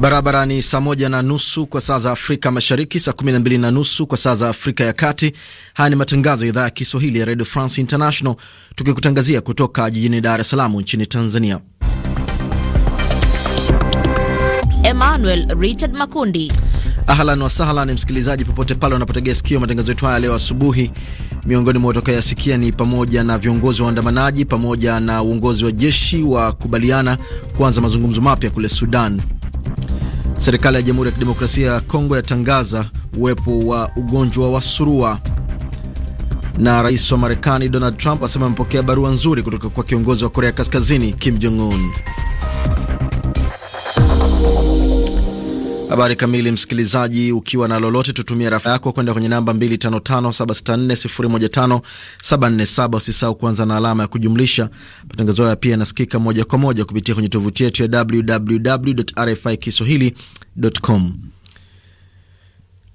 Barabara ni saa moja na nusu kwa saa za Afrika Mashariki, saa kumi na mbili na nusu kwa saa za Afrika ya Kati. Haya ni matangazo ya idhaa ya Kiswahili ya Radio France International, tukikutangazia kutoka jijini Dar es Salaam nchini Tanzania. Emmanuel Richard Makundi. Ahlan wasahlan ni msikilizaji popote pale unapotegea sikio matangazo yetu haya leo asubuhi. Miongoni mwa utakayasikia ni pamoja na viongozi wa waandamanaji pamoja na uongozi wa jeshi wa kubaliana kuanza mazungumzo mapya kule Sudan. Serikali ya Jamhuri ya Kidemokrasia ya Kongo yatangaza uwepo wa ugonjwa wa surua, na rais wa Marekani Donald Trump asema amepokea barua nzuri kutoka kwa kiongozi wa Korea Kaskazini Kim Jong Un. Habari kamili, msikilizaji, ukiwa na lolote, tutumia rafa yako kwenda kwenye namba 255764015747. Usisahau kuanza na alama ya kujumlisha. Matangazo haya pia yanasikika moja kwa moja kupitia kwenye tovuti yetu ya www.rfikiswahili.com.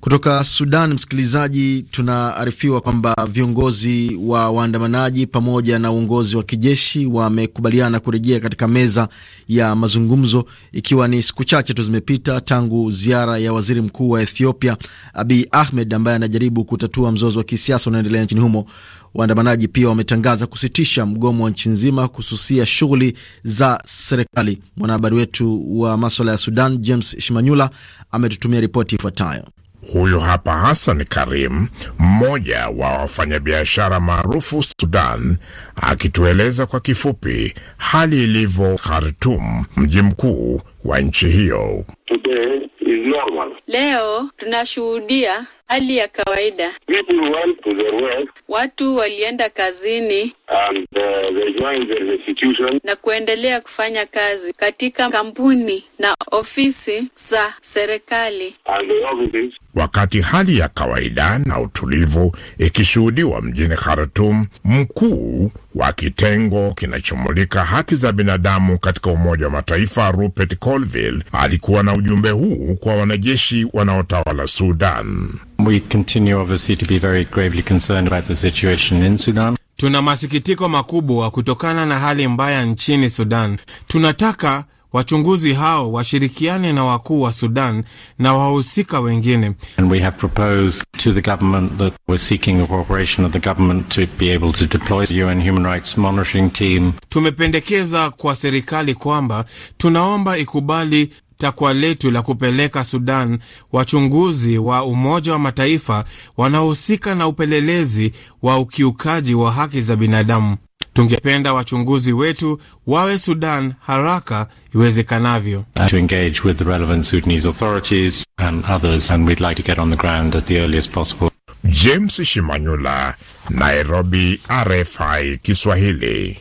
Kutoka Sudan, msikilizaji, tunaarifiwa kwamba viongozi wa waandamanaji pamoja na uongozi wa kijeshi wamekubaliana kurejea katika meza ya mazungumzo, ikiwa ni siku chache tu zimepita tangu ziara ya waziri mkuu wa Ethiopia Abiy Ahmed ambaye anajaribu kutatua mzozo wa kisiasa unaoendelea nchini humo. Waandamanaji pia wametangaza kusitisha mgomo wa nchi nzima, kususia shughuli za serikali. Mwanahabari wetu wa maswala ya Sudan James Shimanyula ametutumia ripoti ifuatayo. Huyu hapa Hassan Karim, mmoja wa wafanyabiashara maarufu Sudan, akitueleza kwa kifupi hali ilivyo khartum mji mkuu wa nchi hiyo. Leo tunashuhudia hali ya kawaida. Watu walienda kazini And, uh, na kuendelea kufanya kazi katika kampuni na ofisi za serikali. Wakati hali ya kawaida na utulivu ikishuhudiwa mjini Khartoum, mkuu wa kitengo kinachomulika haki za binadamu katika Umoja wa Mataifa Rupert Colville alikuwa na ujumbe huu kwa wanajeshi wanaotawala Sudan. We continue obviously to be very gravely concerned about the situation in Sudan. Tuna masikitiko makubwa kutokana na hali mbaya nchini Sudan. Tunataka wachunguzi hao washirikiane na wakuu wa Sudan na wahusika wengine. And we have proposed to the government that we're seeking the cooperation of the government to be able to deploy the UN Human Rights Monitoring Team. Tumependekeza kwa serikali kwamba tunaomba ikubali takwa letu la kupeleka Sudan wachunguzi wa Umoja wa Mataifa wanaohusika na upelelezi wa ukiukaji wa haki za binadamu. Tungependa wachunguzi wetu wawe Sudan haraka iwezekanavyo. James Shimanyula, Nairobi, RFI Kiswahili.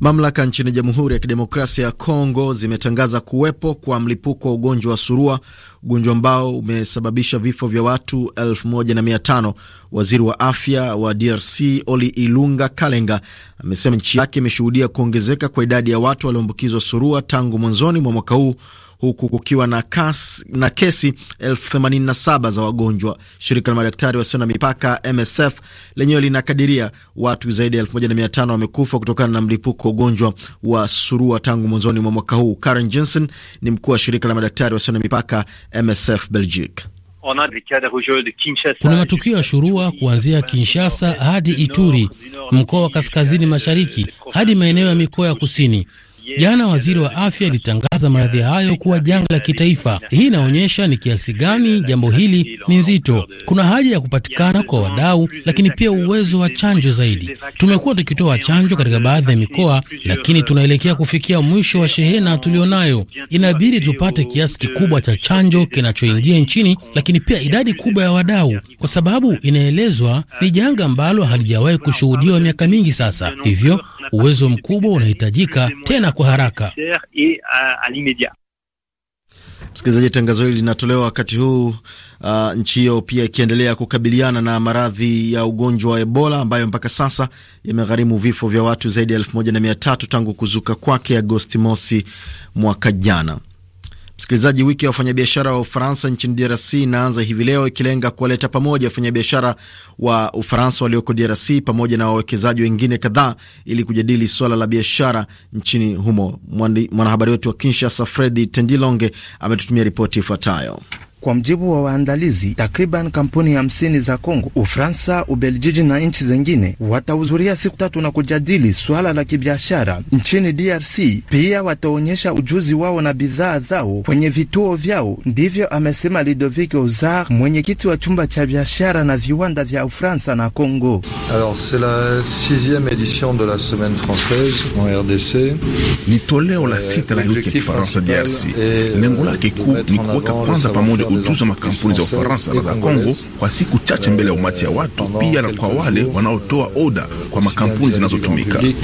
Mamlaka nchini Jamhuri ya Kidemokrasia ya Kongo zimetangaza kuwepo kwa mlipuko wa ugonjwa wa surua, ugonjwa ambao umesababisha vifo vya watu 1500. Waziri wa afya wa DRC Oli Ilunga Kalenga amesema nchi yake imeshuhudia kuongezeka kwa idadi ya watu walioambukizwa surua tangu mwanzoni mwa mwaka huu huku kukiwa na, kas, na kesi 87 za wagonjwa. Shirika la madaktari wasio na mipaka MSF lenyewe linakadiria watu zaidi ya 1500 wamekufa kutokana na mlipuko wa ugonjwa wa surua tangu mwanzoni mwa mwaka huu. Karen Jensen ni mkuu wa shirika la madaktari wasio na mipaka MSF Belgique. Kuna matukio ya shurua kuanzia Kinshasa hadi Ituri, mkoa wa kaskazini mashariki hadi maeneo ya mikoa ya kusini. Jana waziri wa afya alitangaza maradhi hayo kuwa janga la kitaifa. Hii inaonyesha ni kiasi gani jambo hili ni nzito. Kuna haja ya kupatikana kwa wadau, lakini pia uwezo wa chanjo zaidi. Tumekuwa tukitoa chanjo katika baadhi ya mikoa, lakini tunaelekea kufikia mwisho wa shehena tulionayo. Inabidi tupate kiasi kikubwa cha chanjo kinachoingia nchini, lakini pia idadi kubwa ya wadau, kwa sababu inaelezwa ni janga ambalo halijawahi kushuhudiwa miaka mingi sasa. Hivyo uwezo mkubwa unahitajika tena kwa haraka euh, Msikilizaji, tangazo hili linatolewa wakati huu uh, nchi hiyo pia ikiendelea kukabiliana na maradhi ya ugonjwa wa Ebola ambayo mpaka sasa yamegharimu vifo vya watu zaidi ya elfu moja na mia tatu tangu kuzuka kwake Agosti mosi mwaka jana. Msikilizaji, wiki ya wafanyabiashara wa Ufaransa nchini DRC inaanza hivi leo ikilenga kuwaleta pamoja wafanyabiashara wa Ufaransa walioko DRC pamoja na wawekezaji wengine kadhaa ili kujadili suala la biashara nchini humo. Mwanahabari wetu wa Kinshasa, Fredi Tendilonge, ametutumia ripoti ifuatayo. Kwa mjibu wa waandalizi, takriban kampuni hamsini za Kongo, Ufaransa, Ubeljiji na nchi zengine watahudhuria siku tatu na kujadili swala la kibiashara nchini DRC. Pia wataonyesha ujuzi wao na bidhaa zao kwenye vituo vyao, ndivyo amesema ludovik Ozar, mwenyekiti wa chumba cha biashara na viwanda vya Ufaransa na Kongo. Alors, la sixième de la semaine en RDC. Ni toleo la euh, sita la wiki ya Kifaransa DRC. Lengo lake kuu ni kuweka kwanza pamoja kujuza makampuni za Ufaransa na za Kongo kwa siku chache mbele ya umati ya euh, watu, pia na kwa wale wanaotoa euh, oda kwa makampuni zinazotumika. Euh,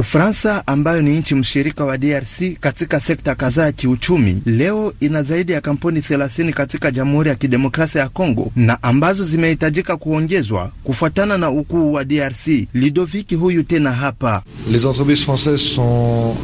Ufaransa ambayo ni nchi mshirika wa DRC katika sekta kadhaa ya kiuchumi, leo ina zaidi ya kampuni 30 katika Jamhuri ya Kidemokrasia ya Kongo na ambazo zimehitajika kuongezwa kufuatana na ukuu wa DRC. Lidoviki huyu tena hapa. Les entreprises françaises sont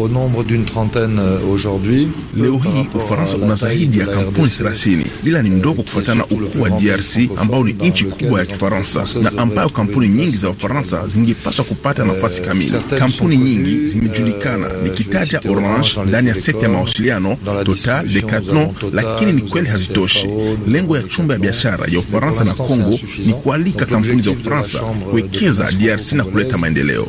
au nombre d'une trentaine aujourd'hui Leo hii Ufaransa una zaidi ya kampuni 30 lila ni mdogo euh, kufuatana ukuu wa DRC ambao ni nchi kubwa ya Kifaransa na ambayo kampuni nyingi za Ufaransa zingepaswa kupata euh, nafasi kamili. Kampuni nyingi euh, zimejulikana, nikitaja Orange ndani ya sekta ya mawasiliano, Total, Decathlon, lakini ni kweli hazitoshi. Lengo ya chumba ya biashara ya Ufaransa na Kongo ni kualika kampuni za Ufaransa kuwekeza DRC na kuleta maendeleo.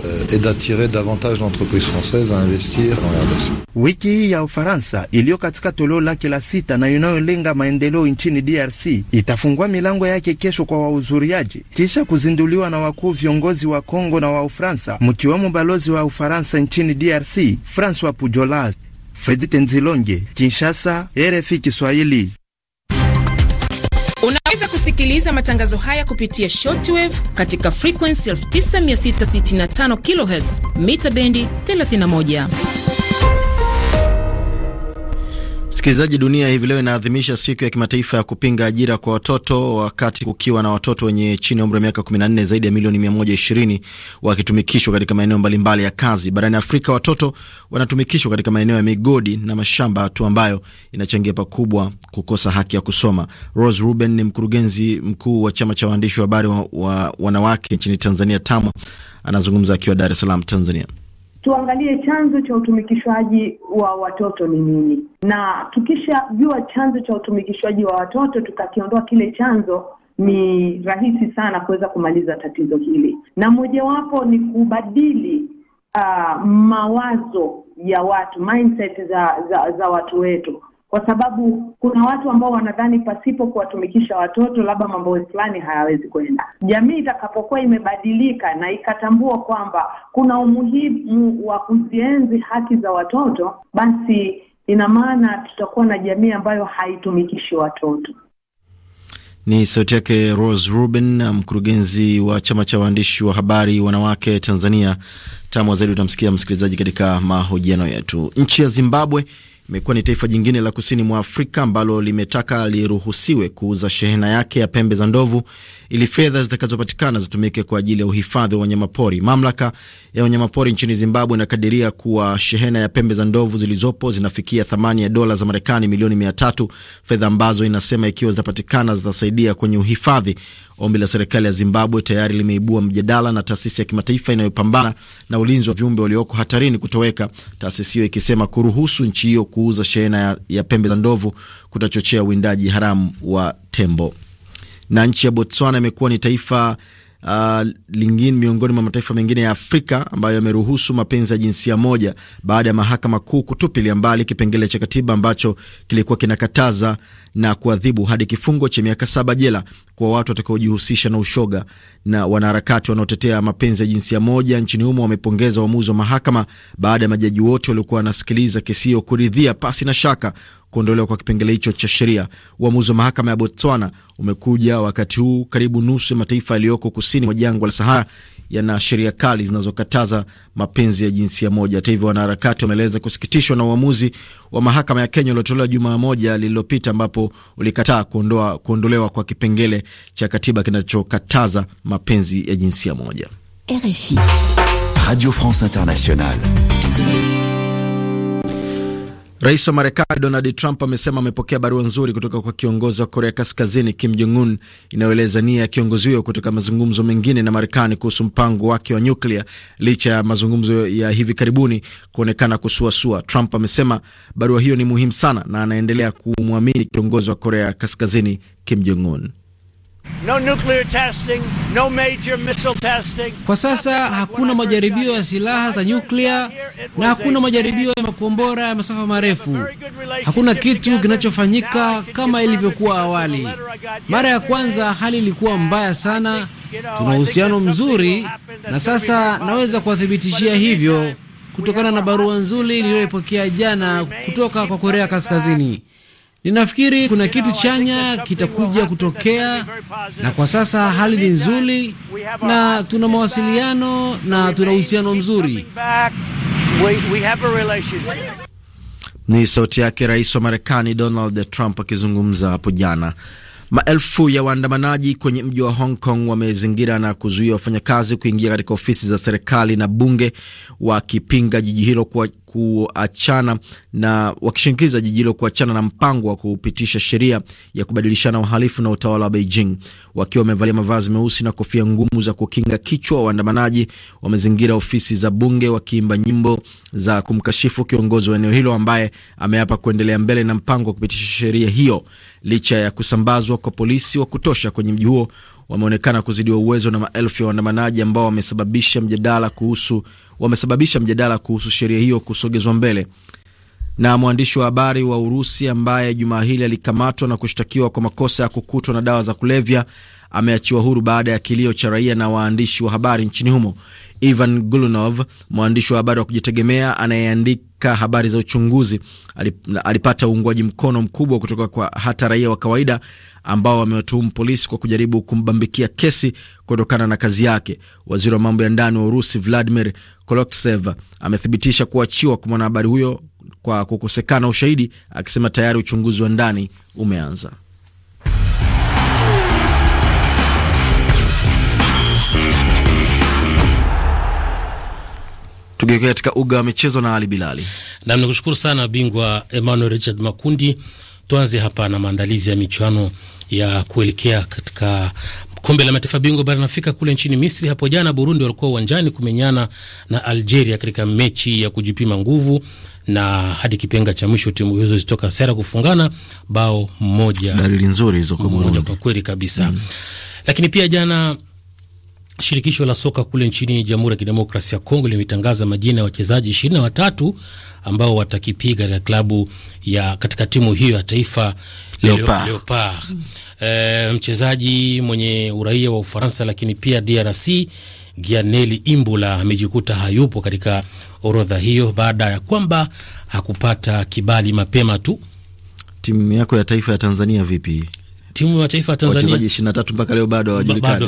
Wiki ya Ufaransa Ufaransa iliyo katika toleo lake la sita na inayolenga maendeleo nchini DRC itafungua milango yake kesho kwa wahudhuriaji kisha kuzinduliwa na wakuu viongozi wa Kongo na wa Ufaransa, mkiwemo balozi wa Ufaransa nchini DRC Francois Pujolas. Fredi Tenzilonge, Kinshasa, RFI Kiswahili. Unaweza kusikiliza matangazo haya kupitia shortwave katika frequency 9665 kHz mita bendi 31. Msikilizaji, dunia hivi leo inaadhimisha siku ya kimataifa ya kupinga ajira kwa watoto, wakati kukiwa na watoto wenye chini ya umri wa miaka 14 zaidi ya milioni 120 wakitumikishwa katika maeneo mbalimbali ya kazi barani Afrika. Watoto wanatumikishwa katika maeneo ya migodi na mashamba, hatua ambayo inachangia pakubwa kukosa haki ya kusoma. Rose Ruben ni mkurugenzi mkuu wa chama cha waandishi wa habari wa, wa wanawake nchini Tanzania, TAMWA. Anazungumza akiwa Dar es Salaam, Tanzania tuangalie chanzo cha utumikishwaji wa watoto ni nini, na tukishajua chanzo cha utumikishwaji wa watoto tukakiondoa kile chanzo, ni rahisi sana kuweza kumaliza tatizo hili, na mojawapo ni kubadili uh, mawazo ya watu mindset za, za za watu wetu kwa sababu kuna watu ambao wanadhani pasipo kuwatumikisha watoto labda mambo fulani hayawezi kwenda. Jamii itakapokuwa imebadilika na ikatambua kwamba kuna umuhimu wa kuzienzi haki za watoto, basi ina maana tutakuwa na jamii ambayo haitumikishi watoto. Ni sauti yake Rose Ruben, mkurugenzi wa chama cha waandishi wa habari wanawake Tanzania. Tamwa zaidi utamsikia msikilizaji katika mahojiano yetu. Nchi ya Zimbabwe imekuwa ni taifa jingine la kusini mwa Afrika ambalo limetaka liruhusiwe kuuza shehena yake ya pembe za ndovu ili fedha zitakazopatikana zitumike kwa ajili ya uhifadhi wa wanyamapori. Mamlaka ya wanyamapori nchini Zimbabwe inakadiria kuwa shehena ya pembe za ndovu zilizopo zinafikia thamani ya dola za Marekani milioni mia tatu, fedha ambazo inasema ikiwa zitapatikana zitasaidia kwenye uhifadhi Ombi la serikali ya Zimbabwe tayari limeibua mjadala na taasisi ya kimataifa inayopambana na ulinzi wa viumbe walioko hatarini kutoweka, taasisi hiyo ikisema kuruhusu nchi hiyo kuuza shehena ya, ya pembe za ndovu kutachochea uwindaji haramu wa tembo. Na nchi ya Botswana imekuwa ni taifa uh, lingine miongoni mwa mataifa mengine ya Afrika ambayo yameruhusu mapenzi ya jinsia moja baada ya mahakama kuu kutupilia mbali kipengele cha katiba ambacho kilikuwa kinakataza na kuadhibu hadi kifungo cha miaka saba jela kwa watu watakaojihusisha na ushoga. Na wanaharakati wanaotetea mapenzi ya jinsia moja nchini humo wamepongeza uamuzi wa mahakama baada ya majaji wote waliokuwa wanasikiliza kesi hiyo kuridhia pasi na shaka kuondolewa kwa kipengele hicho cha sheria. Uamuzi wa mahakama ya Botswana umekuja wakati huu karibu nusu ya mataifa yaliyoko kusini mwa jangwa la Sahara yana sheria kali zinazokataza mapenzi ya jinsia moja. Hata hivyo, wanaharakati wameeleza kusikitishwa na uamuzi wa mahakama ya Kenya uliotolewa Jumaa moja lililopita, ambapo ulikataa kuondoa kuondolewa kwa kipengele cha katiba kinachokataza mapenzi ya jinsia moja. RFI Radio France Internationale Rais wa Marekani Donald Trump amesema amepokea barua nzuri kutoka kwa kiongozi wa Korea Kaskazini Kim Jong Un inayoeleza nia ya kiongozi huyo kutoka mazungumzo mengine na Marekani kuhusu mpango wake wa nyuklia licha ya mazungumzo ya hivi karibuni kuonekana kusuasua. Trump amesema barua hiyo ni muhimu sana na anaendelea kumwamini kiongozi wa Korea Kaskazini Kim Jong Un. No nuclear testing, no major missile testing. Kwa sasa hakuna majaribio ya silaha za nyuklia na hakuna majaribio ya makombora ya masafa marefu. Hakuna kitu kinachofanyika kama ilivyokuwa awali. Mara ya kwanza hali ilikuwa mbaya sana. Tuna uhusiano mzuri na sasa naweza kuwathibitishia hivyo kutokana na barua nzuri niliyoipokea jana kutoka kwa Korea Kaskazini. Ninafikiri kuna kitu chanya kitakuja kutokea, na kwa sasa hali ni nzuri, na tuna mawasiliano na tuna uhusiano mzuri. Ni sauti yake Rais wa Marekani Donald Trump akizungumza hapo jana. Maelfu ya waandamanaji kwenye mji wa Hong Kong wamezingira na kuzuia wafanyakazi kuingia katika ofisi za serikali na bunge, wakipinga jiji hilo kwa kuachana na wakishinikiza jiji hilo kuachana na mpango wa kupitisha sheria ya kubadilishana uhalifu na utawala wa Beijing. Wakiwa wamevalia mavazi meusi na kofia ngumu za kukinga kichwa, waandamanaji wamezingira ofisi za bunge wakiimba nyimbo za kumkashifu kiongozi wa eneo hilo ambaye ameapa kuendelea mbele na mpango wa kupitisha sheria hiyo licha ya kusambazwa kwa polisi wa kutosha kwenye mji huo, wameonekana kuzidiwa uwezo na maelfu ya waandamanaji ambao wamesababisha mjadala kuhusu wamesababisha mjadala kuhusu sheria hiyo kusogezwa mbele. Na mwandishi wa habari wa Urusi ambaye jumaa hili alikamatwa na kushtakiwa kwa makosa ya kukutwa na dawa za kulevya ameachiwa huru baada ya kilio cha raia na waandishi wa habari nchini humo. Ivan gulunov mwandishi wa habari wa kujitegemea anayeandika habari za uchunguzi, alipata uungwaji mkono mkubwa kutoka kwa hata raia wa kawaida ambao wamewatuhumu polisi kwa kujaribu kumbambikia kesi kutokana na kazi yake. Waziri wa mambo ya ndani wa Urusi Vladimir Koloksev amethibitisha kuachiwa kwa mwanahabari huyo kwa kukosekana ushahidi, akisema tayari uchunguzi wa ndani umeanza. Nigeukia katika uga wa michezo na Ali Bilali. Nam ni sana bingwa Emmanuel Richard Makundi. Tuanze hapa na maandalizi ya michuano ya kuelekea katika kombe la mataifa bingwa barani Afrika kule nchini Misri. Hapo jana Burundi walikuwa uwanjani kumenyana na Algeria katika mechi ya kujipima nguvu, na hadi kipenga cha mwisho timu hizo zitoka sera kufungana bao moja. Dalili nzuri hizo kwa Burundi, kwa kweli kabisa mm. Lakini pia jana Shirikisho la soka kule nchini Jamhuri ya Kidemokrasia ya Kongo limetangaza majina ya wachezaji ishirini na watatu ambao watakipiga katika klabu ya katika timu hiyo ya taifa Leopard. Leopard. E, mchezaji mwenye uraia wa Ufaransa lakini pia DRC Gianelli Imbula amejikuta hayupo katika orodha hiyo baada ya kwamba hakupata kibali mapema tu. Timu yako ya taifa ya Tanzania vipi? timu ya taifa ya Tanzania wachezaji 23 mpaka leo bado hawajulikani,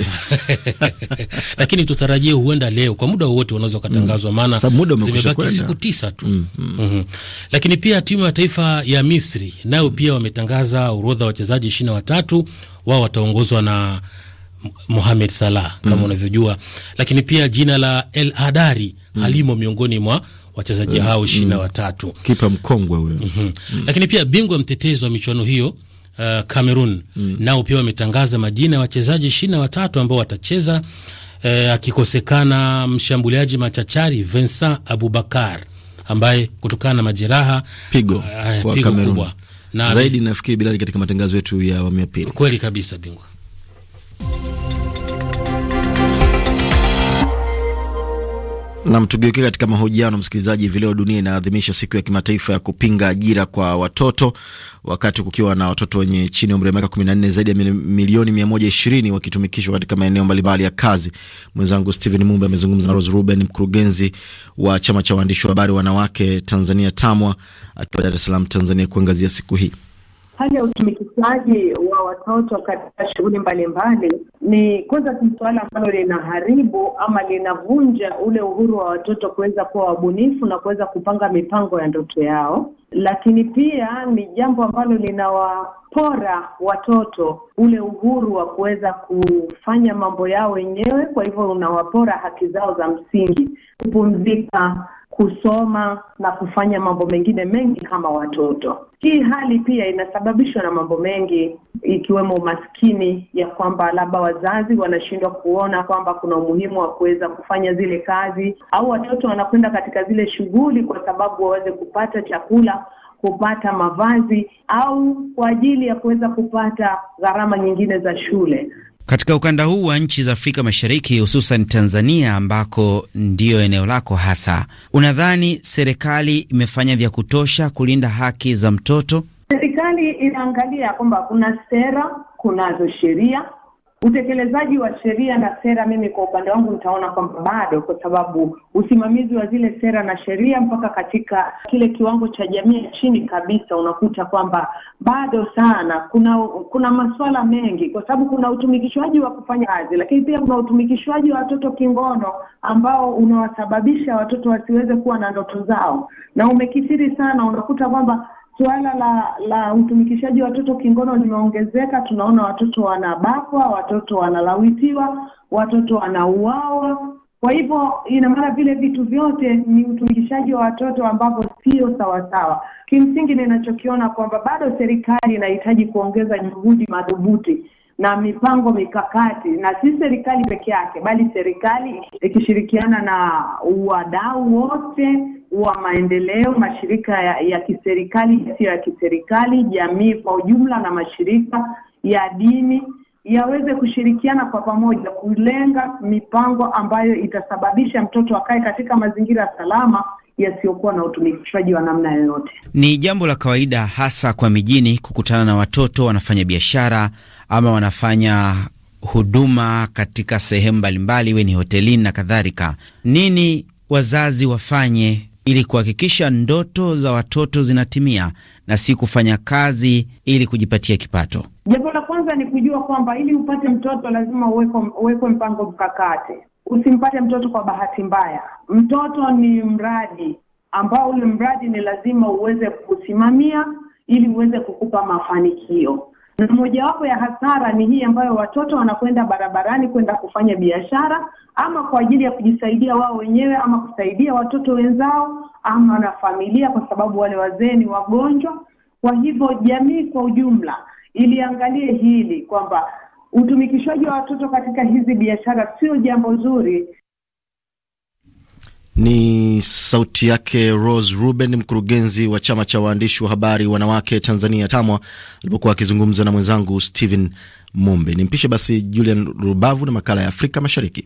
lakini tutarajie huenda leo kwa muda wowote wanaweza kutangazwa, mm. maana mm. zimebaki siku tisa tu mm, mm. Mm -hmm. Lakini pia timu ya taifa ya Misri nayo pia wametangaza orodha wachezaji 23 wao wataongozwa na Mohamed Salah kama mm. unavyojua, lakini pia jina la El Hadari mm. halimo miongoni mwa wachezaji eh, hao mm. ishirini na watatu. Kipa mkongwe huyo. Mhm. Mm. Lakini pia bingwa mtetezi wa michuano hiyo Uh, Cameroon mm. nao pia wametangaza majina ya wachezaji ishirini na watatu ambao watacheza uh, akikosekana mshambuliaji machachari Vincent Abubakar ambaye kutokana na majeraha pigo, uh, pigo kubwa na zaidi, nafikiri Bilali, katika matangazo yetu ya awamu ya pili. Kweli kabisa, bingwa Nam, tugeukia katika mahojiano msikilizaji. Hivi leo dunia inaadhimisha siku ya kimataifa ya kupinga ajira kwa watoto, wakati kukiwa na watoto wenye chini ya umri wa miaka 14 zaidi ya milioni 120 wakitumikishwa katika maeneo mbalimbali ya kazi. Mwenzangu Steven Mumbe amezungumza na Rose Ruben, mkurugenzi wa chama cha waandishi wa habari wanawake Tanzania TAMWA, akiwa Dar es Salaam, Tanzania, kuangazia siku hii. Hali ya utumikishaji wa watoto katika shughuli mbalimbali ni kwanza, ni suala ambalo linaharibu ama linavunja ule uhuru wa watoto kuweza kuwa wabunifu na kuweza kupanga mipango ya ndoto yao, lakini pia ni jambo ambalo linawapora watoto ule uhuru wa kuweza kufanya mambo yao wenyewe. Kwa hivyo unawapora haki zao za msingi, kupumzika kusoma na kufanya mambo mengine mengi kama watoto. Hii hali pia inasababishwa na mambo mengi ikiwemo umaskini, ya kwamba labda wazazi wanashindwa kuona kwamba kuna umuhimu wa kuweza kufanya zile kazi, au watoto wanakwenda katika zile shughuli kwa sababu waweze kupata chakula kupata mavazi au kwa ajili ya kuweza kupata gharama nyingine za shule. Katika ukanda huu wa nchi za Afrika Mashariki, hususan Tanzania ambako ndiyo eneo lako hasa, unadhani serikali imefanya vya kutosha kulinda haki za mtoto? Serikali inaangalia kwamba kuna sera, kunazo sheria utekelezaji wa sheria na sera, mimi kwa upande wangu nitaona kwamba bado, kwa sababu usimamizi wa zile sera na sheria mpaka katika kile kiwango cha jamii chini kabisa, unakuta kwamba bado sana kuna kuna masuala mengi, kwa sababu kuna utumikishwaji wa kufanya kazi, lakini pia kuna utumikishwaji wa watoto kingono ambao unawasababisha watoto wasiweze kuwa na ndoto zao, na umekithiri sana, unakuta kwamba suala la la utumikishaji watoto kingono limeongezeka. Tunaona watoto wanabakwa, watoto wanalawitiwa, watoto wanauawa. Kwa hivyo ina maana vile vitu vyote ni utumikishaji wa watoto ambavyo sio sawasawa. Kimsingi ninachokiona kwamba bado serikali inahitaji kuongeza juhudi madhubuti na mipango mikakati, na si serikali peke yake, bali serikali ikishirikiana na wadau wote wa maendeleo, mashirika ya, ya kiserikali, yasiyo ya kiserikali, jamii kwa ujumla na mashirika ya dini yaweze kushirikiana kwa pamoja kulenga mipango ambayo itasababisha mtoto akae katika mazingira salama yasiyokuwa na utumikishaji wa namna yoyote. Ni jambo la kawaida hasa kwa mijini kukutana na watoto wanafanya biashara ama wanafanya huduma katika sehemu mbalimbali, iwe ni hotelini na kadhalika. Nini wazazi wafanye ili kuhakikisha ndoto za watoto zinatimia na si kufanya kazi ili kujipatia kipato? Jambo la kwanza ni kujua kwamba ili upate mtoto lazima uwekwe mpango mkakati usimpate mtoto kwa bahati mbaya. Mtoto ni mradi ambao ule mradi ni lazima uweze kusimamia ili uweze kukupa mafanikio. Na mojawapo ya hasara ni hii ambayo watoto wanakwenda barabarani kwenda kufanya biashara ama kwa ajili ya kujisaidia wao wenyewe ama kusaidia watoto wenzao ama na familia, kwa sababu wale wazee ni wagonjwa. Kwa hivyo jamii kwa ujumla iliangalie hili kwamba utumikishwaji wa watoto katika hizi biashara sio jambo zuri Ni sauti yake Rose Ruben, mkurugenzi wa chama cha waandishi wa habari wanawake Tanzania TAMWA, alipokuwa akizungumza na mwenzangu Stephen Mumbe. Nimpishe basi Julian Rubavu na makala ya Afrika Mashariki.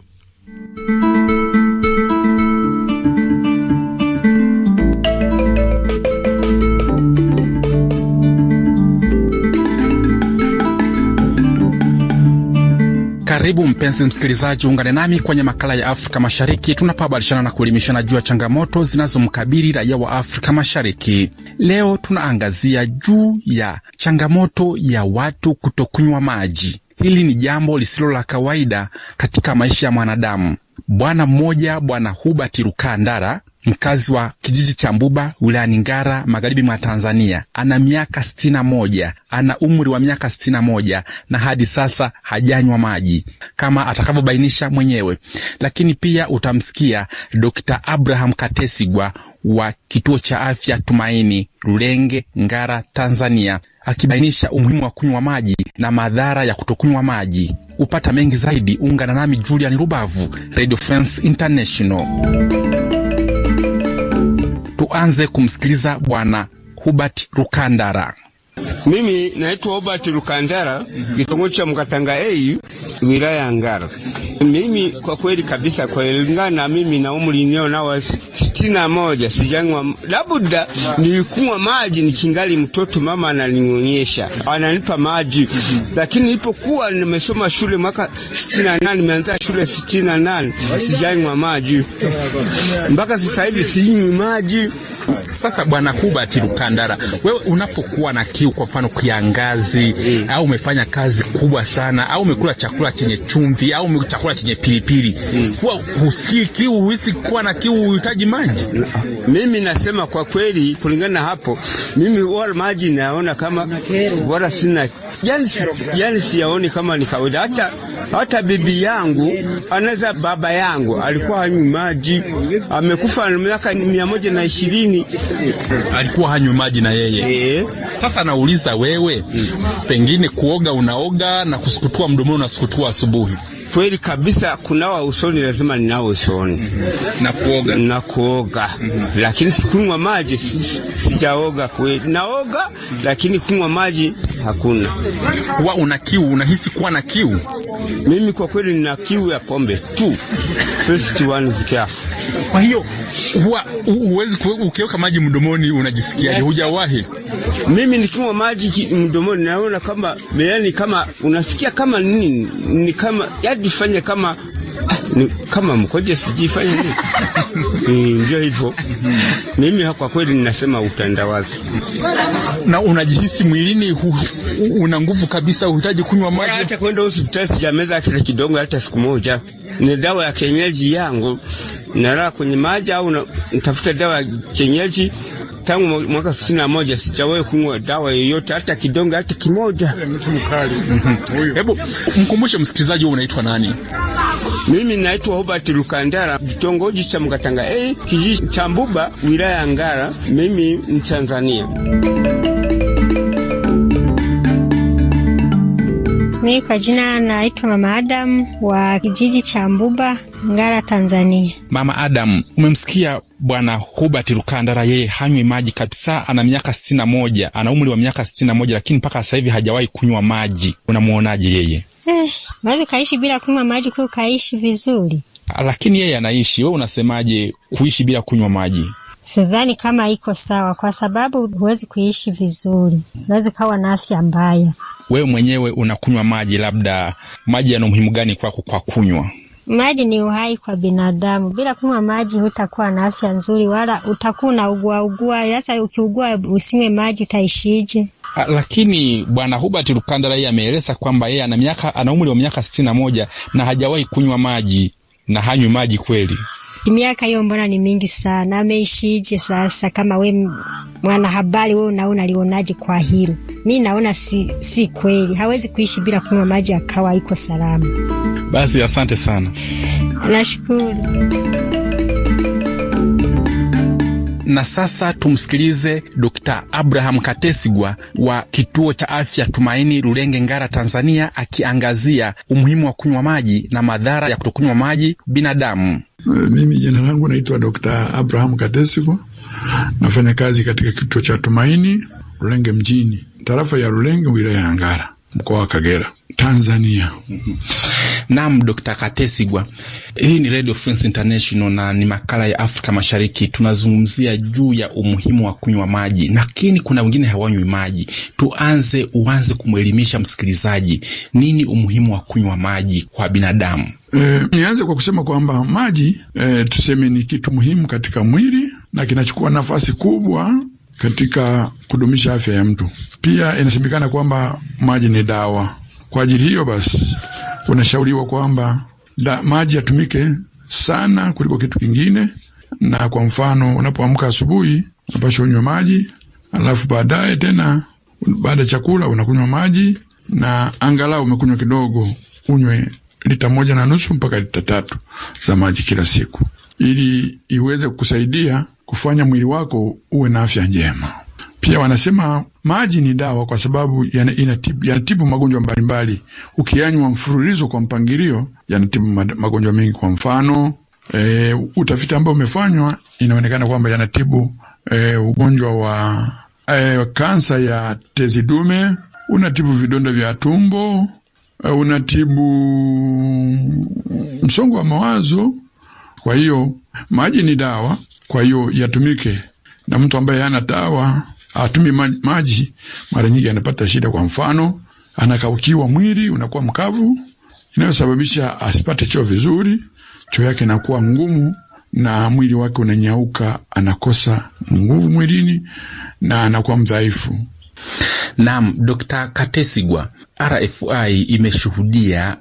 Karibu mpenzi msikilizaji, ungane nami kwenye makala ya Afrika Mashariki tunapobadilishana na kuelimishana juu ya changamoto zinazomkabili raia wa Afrika Mashariki. Leo tunaangazia juu ya changamoto ya watu kutokunywa maji. Hili ni jambo lisilo la kawaida katika maisha ya mwanadamu. Bwana mmoja, Bwana Hubert Rukandara mkazi wa kijiji cha Mbuba wilayani Ngara magharibi mwa Tanzania. Ana miaka sitini na moja, ana umri wa miaka sitini na moja na hadi sasa hajanywa maji kama atakavyobainisha mwenyewe. Lakini pia utamsikia Dr. Abraham Katesigwa wa kituo cha afya Tumaini Rulenge, Ngara, Tanzania akibainisha umuhimu wa kunywa maji na madhara ya kutokunywa maji. Upata mengi zaidi, ungana nami Julian Rubavu, Radio France International tuanze kumsikiliza Bwana Hubert Rukandara. Mimi naitwa Obert Lukandara, kitongoji cha Mkatanga A, wilaya ya Ngara. Mimi kwa kweli kabisa, kwa kulingana na mimi na umri nio nao sitini na moja, sijanywa labda nilikunywa maji nikingali mtoto, mama ananinyonyesha ananipa maji, lakini nilipokuwa nimesoma shule mwaka sitini na nane, nimeanza shule sitini na nane, sijanywa maji mpaka sasa hivi, sinywi maji. Sasa Bwana Kubati Lukandara, wewe unapokuwa na kiu kwa mfano kiangazi mm. au umefanya kazi kubwa sana au umekula chakula chenye chumvi au chakula chenye pilipili mm. kuwa husikii kiu, huhisi kuwa na kiu, uhitaji maji. Mimi nasema kwa kweli, kulingana na hapo, mimi wala maji naona kama wala sina, yani yani siyaoni kama ni kawaida. Hata hata bibi yangu anaweza, baba yangu alikuwa hanywi maji, amekufa miaka mia moja na ishirini, alikuwa hanywi maji na yeye e. Sasa na nauliza wewe, mm. pengine kuoga unaoga na kusukutua mdomoni unasukutua asubuhi? Kweli kabisa, kunawa usoni lazima ninawe usoni mm -hmm. na kuoga, na kuoga. Mm -hmm. Lakini sikunywa maji sijaoga, kweli naoga mm -hmm. lakini kunywa maji hakuna. kwa una kiu, unahisi kuwa na kiu? Mimi kwa kweli nina kiu ya pombe tu first one kwa hiyo huwa huwezi ukiweka maji mdomoni unajisikiaje? Hujawahi? Mimi nikinywa kunywa maji mdomoni, naona kama yani, kama unasikia kama nini, ni kama yani, fanya kama ni kama mkoje sijifanya nini? Eh, ndio hivyo. Mimi kwa kweli ninasema utandawazi. Na unajihisi mwilini una nguvu kabisa, uhitaji kunywa maji? Hata kwenda hospitali sijameza kile kidogo hata siku moja. Ni dawa ya kienyeji yangu. Nalala kwenye maji au nitafuta dawa ya kienyeji tangu mwaka sitini na moja sijawahi kunywa dawa yoyote hata kidonge hata kimoja. Mtu mkali. Mhm. Hebu mkumbushe msikilizaji, wewe unaitwa nani? Mimi na naitwa Hobart Lukandara, kitongoji cha Mkatanga A, kijiji cha Mbuba, wilaya ya Ngara. Mimi Tanzania. Mimi kwa jina naitwa Mama Adam wa kijiji cha Mbuba, Ngara, Tanzania. Mama Adam, umemsikia Bwana Hubert Lukandara, yeye hanywi maji kabisa. Ana miaka sitini na moja, ana umri wa miaka sitini na moja, lakini mpaka sasa hivi hajawahi kunywa maji. Unamwonaje yeye? Eh, unaweza ukaishi bila kunywa maji kwa ukaishi vizuri, ah, lakini yeye anaishi. Wewe unasemaje kuishi bila kunywa maji? Sidhani kama iko sawa, kwa sababu huwezi kuishi vizuri, unaweza ukawa na afya mbaya. Wewe mwenyewe unakunywa maji, labda maji yana umuhimu gani kwako kwa kunywa? Maji ni uhai kwa binadamu. Bila kunywa maji hutakuwa na afya nzuri, wala utakuwa na ugua ugua. Sasa ukiugua usinywe maji utaishije? Ah, lakini Bwana Hubert Lukanda yeye ameeleza kwamba yeye ana miaka ana umri wa miaka sitini na moja na hajawahi kunywa maji na hanywi maji kweli miaka hiyo mbona ni mingi sana, ameishije sasa? Kama we mwanahabari, we unaona, alionaje kwa hilo? Mi naona si, si kweli, hawezi kuishi bila kunywa maji akawa iko salama. Basi asante sana, nashukuru. Na sasa tumsikilize Dkt. Abraham Katesigwa wa kituo cha afya Tumaini Rulenge, Ngara, Tanzania, akiangazia umuhimu wa kunywa maji na madhara ya kutokunywa maji binadamu. Eh, mimi jina langu naitwa d Abraham Katesigwa, nafanya kazi katika kituo cha Tumaini Rulenge mjini, tarafa ya Rulenge, wilaya ya Ngara, mkoa wa Kagera, Tanzania. Naam, Dr. Katesigwa. Hii ni Radio France International na ni makala ya Afrika Mashariki. Tunazungumzia juu ya umuhimu wa kunywa maji, lakini kuna wengine hawanywi maji. Tuanze uanze kumwelimisha msikilizaji, nini umuhimu wa kunywa maji kwa binadamu? E, nianze kwa kusema kwamba maji e, tuseme ni kitu muhimu katika mwili na kinachukua nafasi kubwa katika kudumisha afya ya mtu. Pia inasemekana kwamba maji ni dawa. Kwa ajili hiyo basi unashauriwa kwamba maji yatumike sana kuliko kitu kingine, na kwa mfano unapoamka asubuhi unapasha unywe maji, alafu baadaye tena baada ya chakula unakunywa maji, na angalau umekunywa kidogo, unywe lita moja na nusu mpaka lita tatu za maji kila siku, ili iweze kukusaidia kufanya mwili wako uwe na afya njema. Pia wanasema maji ni dawa, kwa sababu yanatibu yana magonjwa mbalimbali. ukianywa mfululizo kwa mpangilio, yanatibu magonjwa mengi. Kwa mfano e, utafiti ambao umefanywa inaonekana kwamba yanatibu e, ugonjwa wa e, eh, kansa ya tezi dume, unatibu vidonda vya tumbo, e, unatibu msongo wa mawazo. Kwa hiyo maji ni dawa, kwa hiyo yatumike, na mtu ambaye hana dawa atumi maji, mara nyingi anapata shida. Kwa mfano, anakaukiwa, mwili unakuwa mkavu, inayosababisha asipate choo vizuri, choo yake inakuwa ngumu na mwili wake unanyauka, anakosa nguvu mwilini na anakuwa mdhaifu. Naam, Dr. Katesigwa, RFI imeshuhudia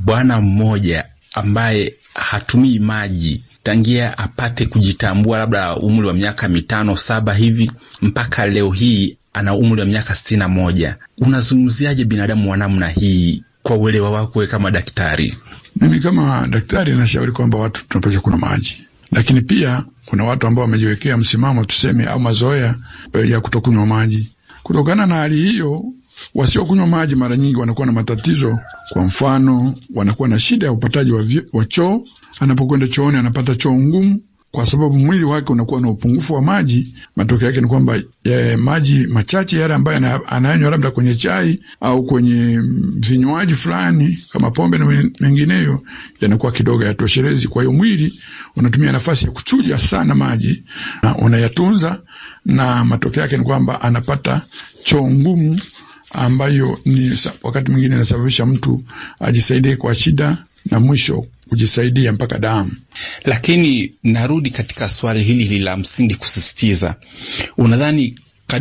bwana mmoja ambaye hatumii maji tangia apate kujitambua, labda umri wa miaka mitano saba hivi mpaka leo hii ana umri wa miaka sitini na moja. Unazungumziaje binadamu wa namna hii kwa uelewa wako we kama daktari? Mimi kama daktari nashauri kwamba watu tunapasha kuna maji, lakini pia kuna watu ambao wamejiwekea msimamo tuseme, au mazoea eh, ya kutokunywa maji. Kutokana na hali hiyo, Wasiokunywa maji mara nyingi wanakuwa na matatizo. Kwa mfano, wanakuwa na shida ya upataji wa, choo. Anapokwenda chooni anapata choo ngumu kwa sababu mwili wake unakuwa na upungufu wa maji. Matokeo yake ni kwamba ya e, maji machache yale ambayo anayanywa labda kwenye chai au kwenye vinywaji fulani kama pombe na mengineyo yanakuwa kidogo yatoshelezi. Kwa hiyo mwili unatumia nafasi ya kuchuja sana maji na unayatunza, na matokeo yake ni kwamba anapata choo ngumu ambayo ni wakati mwingine inasababisha mtu ajisaidie kwa shida na mwisho kujisaidia mpaka damu. Lakini narudi katika swali hili hili la msingi kusisitiza, unadhani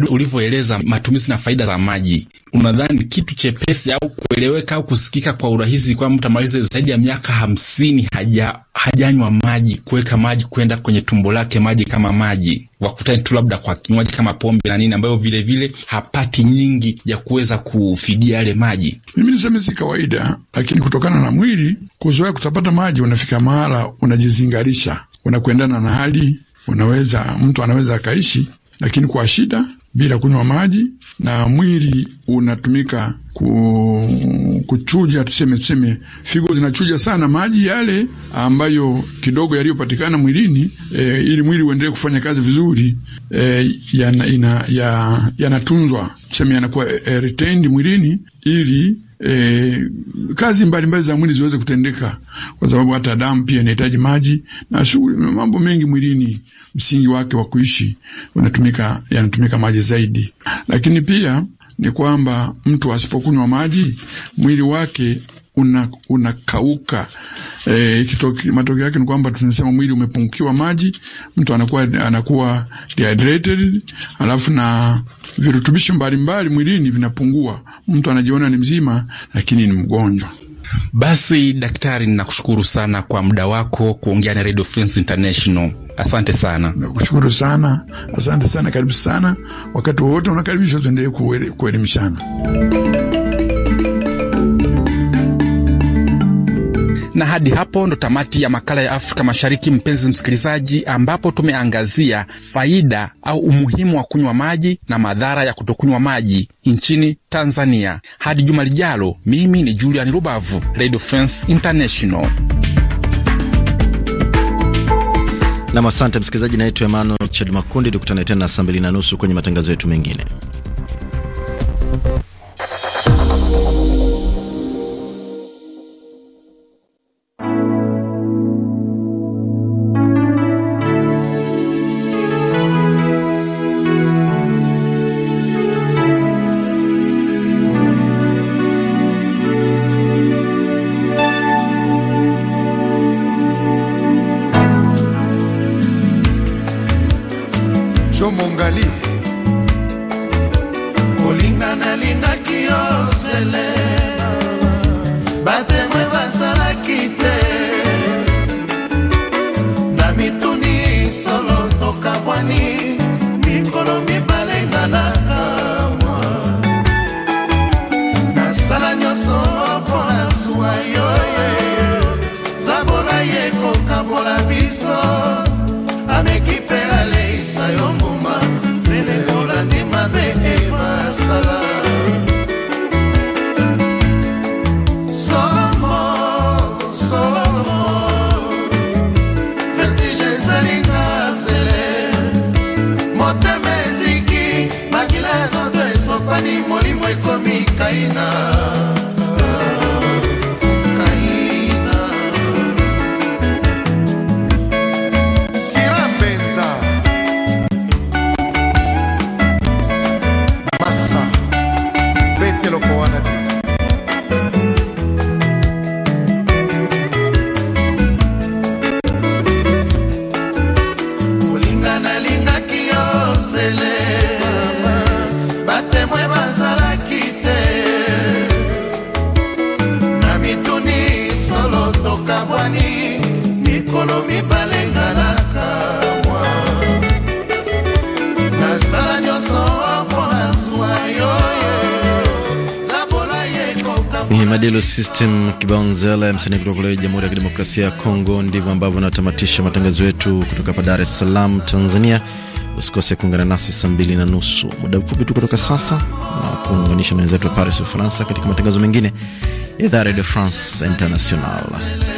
ulivyoeleza matumizi na faida za maji unadhani kitu chepesi au kueleweka au kusikika kwa urahisi kwamba mtu amalize zaidi ya miaka hamsini haja hajanywa maji, kuweka maji kwenda kwenye tumbo lake, maji kama maji wakutane tu labda kwa kinywaji kama pombe na nini, ambayo vile vile hapati nyingi ya kuweza kufidia yale maji. Mimi niseme si kawaida, lakini kutokana na mwili kuzoea kutapata maji, unafika mahala unajizingarisha, unakuendana na hali, unaweza mtu anaweza akaishi, lakini kwa shida bila kunywa maji na mwili unatumika ku, kuchuja, tuseme tuseme, figo zinachuja sana maji yale ambayo kidogo yaliyopatikana mwilini e, ili mwili uendelee kufanya kazi vizuri e, yanatunzwa ya, ya tuseme yanakuwa e, retained mwilini ili E, kazi mbalimbali za mwili ziweze kutendeka, kwa sababu hata damu pia inahitaji maji na shughuli, mambo mengi mwilini, msingi wake wa kuishi unatumika, yanatumika maji zaidi, lakini pia ni kwamba mtu asipokunywa maji mwili wake unakauka una e, matokeo yake ni kwamba tunasema mwili umepungukiwa maji, mtu anakuwa anakuwa dehydrated, alafu na virutubisho mbalimbali mwilini vinapungua, mtu anajiona ni mzima, lakini ni mgonjwa. Basi daktari, ninakushukuru sana kwa muda wako kuongea na Radio France International. Asante sana, nakushukuru sana, asante sana, karibu sana. Wakati wowote unakaribishwa, tuendelee kuelimishana. Na hadi hapo ndo tamati ya makala ya Afrika Mashariki, mpenzi msikilizaji, ambapo tumeangazia faida au umuhimu wa kunywa maji na madhara ya kutokunywa maji nchini Tanzania. Hadi juma lijalo, mimi ni Julian Rubavu, Radio France International. Nam, asante msikilizaji. Naitwa Emmanuel Chad Makundi. Tukutane tena saa mbili na nusu kwenye matangazo yetu mengine. Zulu System kibao msanii kutoka kule Jamhuri ya Kidemokrasia ya Kongo. Ndivyo ambavyo anatamatisha matangazo yetu kutoka hapa Dar es Salaam, Tanzania. Usikose kuungana nasi saa mbili na nusu muda mfupi tu kutoka sasa, na kuunganisha na wenzetu wa Paris, Ufaransa, katika matangazo mengine ya idhaa ya Radio France International.